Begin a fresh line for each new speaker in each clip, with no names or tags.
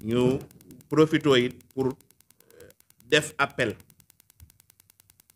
ñu profito pour euh, def appel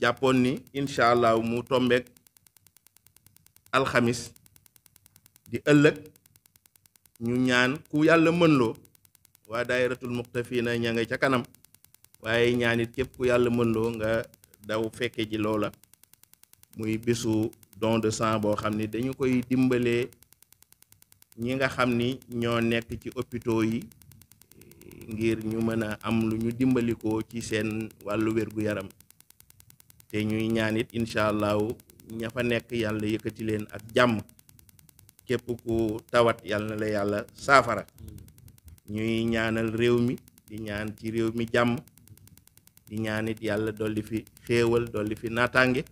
jàppoon ni incha allah mu tombeek alxamis di ëllëg ñu ñaan ku yàlla mën loo waa daayiratul muqtafina ña nga ca kanam waaye ñaanit it képp ku yàlla mën loo nga daw fekke ji loola muy bisu don de sang boo xam ni dañu koy dimbalee ñi nga xam ni ñoo nekk ci hôpitaux yi ngir ñu mën a am lu ñu dimbalikoo ci seen wàllu wér yaram te ñuy ñaanit it incha allahu ña fa nekk yàlla yëkkati leen ak jàmm képp ku tawat yàlla la yàlla saafara ñuy ñaanal réew mi di ñaan ci réew mi jàmm di ñaan yàlla dolli fi xéewal dolli fi naataange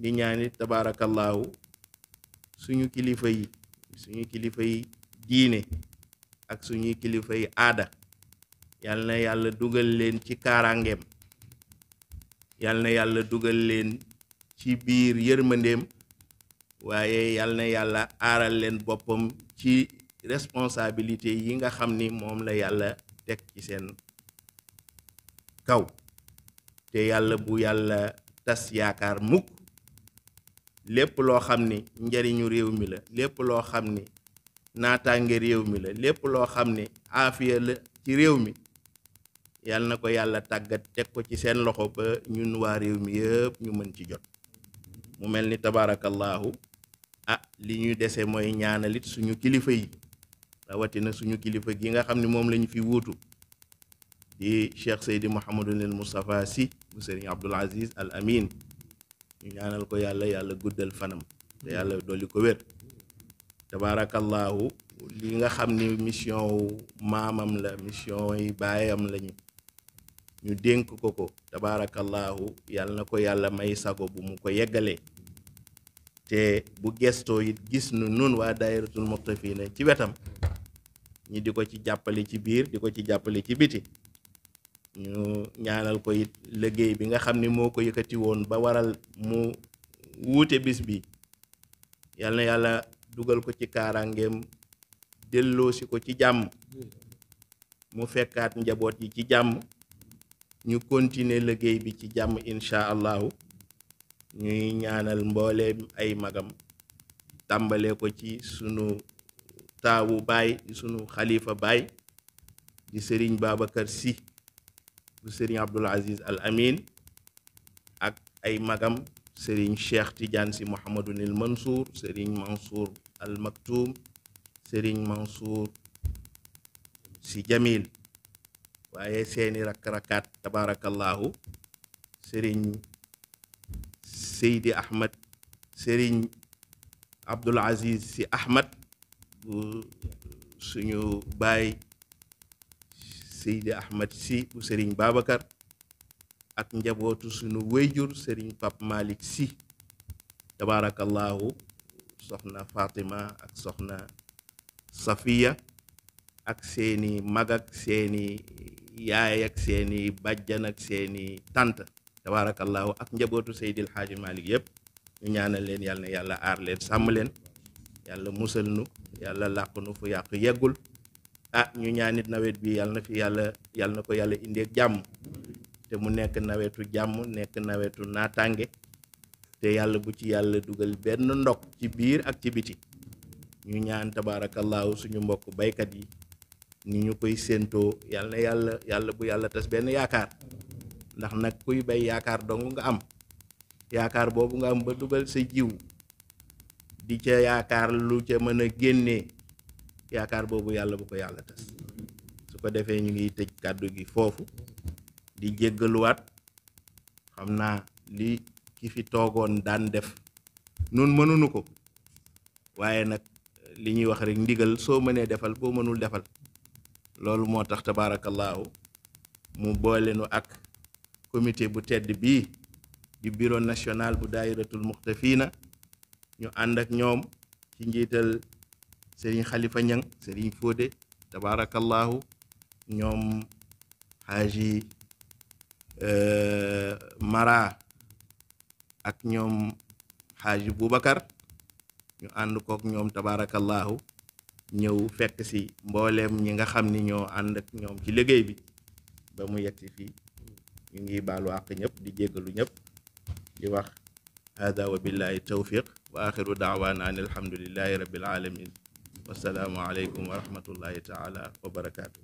di ñaan it tabaarakallaahu suñu kilifa yi suñu kilifa yi diine ak suñuy kilifa yi aada yàlla na yàlla dugal leen ci kaaraangeem yal na yàlla dugal leen ci biir yërmandeem waaye yal na yàlla aaral leen boppam ci responsabilité yi nga xam ni moom la yàlla teg ci seen kaw te yàlla bu yàlla tas yaakaar mukk lépp loo xam ni njariñu réew mi la lépp loo xam ni naataange réew mi la lépp loo xam ni aafiya la ci réew mi yàlla na ko yàlla tàggat teg ko ci seen loxo ba ñun waa réew mi yëpp ñu mën ci jot mu mel ni tabaarakallaahu ah li ñuy dese mooy ñaanalit suñu kilifa yi rawatina suñu kilifa gi nga xam ni moom lañu fi wuutu di cheikh seydi mouhamadunil moustapha si bu sëriñ abdul aziz al amin ñu ñaanal ko yàlla yàlla guddal fanam te yàlla dolli ko wér tabaarakallaahu li nga xam ni mission maamam la mission yi baayam lañu ñu dénk ko ko tabaarakallaahu yàlla na ko yàlla may sago bu mu ko yeggalee te bu gestoo it gis nu nun waa daayiratul muqtafina ci wetam ñi di ko ci jàppale ci biir di ko ci jàppale ci biti ñu ñaanal ko it liggéey bi nga xam ni moo ko yëkkati woon ba waral mu wuute bis bi yàlla na yàlla dugal ko ci kaaraangeem delloosi ko ci jàmm mu fekkaat njaboot yi ci jàmm ñu continuer liggéey bi ci jàmm incha allahu ñuy ñaanal mbooleem ay magam tàmbale ko ci sunu taawu baay sunu xalifa baay di sëriñ Babacar si bu sëriñ Abdul Aziz Al Amin ak ay magam sëriñ Cheikh Tidiane Sy Mouhamadunil Mansour sëriñ Mansour Al Maktoum sëriñ Mansour Sy Jamil waaye seeni rakk-rakkaat tabaarakallaahu sëriñ Seydi Ahmad sëriñ Abdul si Ahmad bu suñu baay Seydi Ahmad si bu sëriñ Babacar ak njabootu suñu wéyjur sëriñ Pape Malick si tabaarakallaahu soxna Fatima ak soxna Safiya ak seeni mag ak yaay ak seeni bàjjan ak seeni tànt tabaarakallaahu ak njabootu Seydil Xaaji Malik yëpp ñu ñaanal leen yàlla na yàlla aar leen sàmm leen yàlla musal nu yàlla làq fu yàq yeggul a ah, ñu ñaanit nawet bi yàlla na fi yàlla yàlla na ko yàlla indeeg jàmm te mu nekk nawetu jàmm nekk nawetu nataange te yàlla bu ci yàlla dugal benn ndok ci biir ak ci biti ñu ñaan tabaarakallaahu suñu mbokk baykat yi ni ñu koy séentoo yàlla yàlla yàlla bu yàlla tas benn yaakaar ndax nag kuy bay yaakaar doo nga am yaakaar boobu nga am ba dugal sa jiw di ca yaakaar lu ca mën a génnee yaakaar boobu yàlla bu ko yàlla tas su ko defee ñu ngi tëj kàddu gi foofu di jéggaluwaat xam naa li ki fi toogoon daan def nun mënuñu ko waaye nag li ñuy wax rek ndigal soo mënee defal boo mënul defal loolu moo tax tabaarakallaahu mu boolenu ak comité bu tedd bi di bureau national bu daayiratul muxtafina ñu ànd ñoom ci njiital seeni xalifa ñang sëriñ fóode tabaarakallaahu ñoom xaaji euh, mara ak ñoom xaaji boubacar ñu ànd kook ñoom tabaarakallaahu ñëw fekk si mbooleem ñi nga xam ni ñoo ànd ak ñoom ci liggéey bi ba mu yegg si fii ñu ngi baalu àq ñëpp di jéggalu ñëpp di wax hada wa billahi tawfiq wa axiru daawaana an alhamdulillahi rabbil alamin wasalaamu aleykum wa rahmatullahi taala wa barakaatu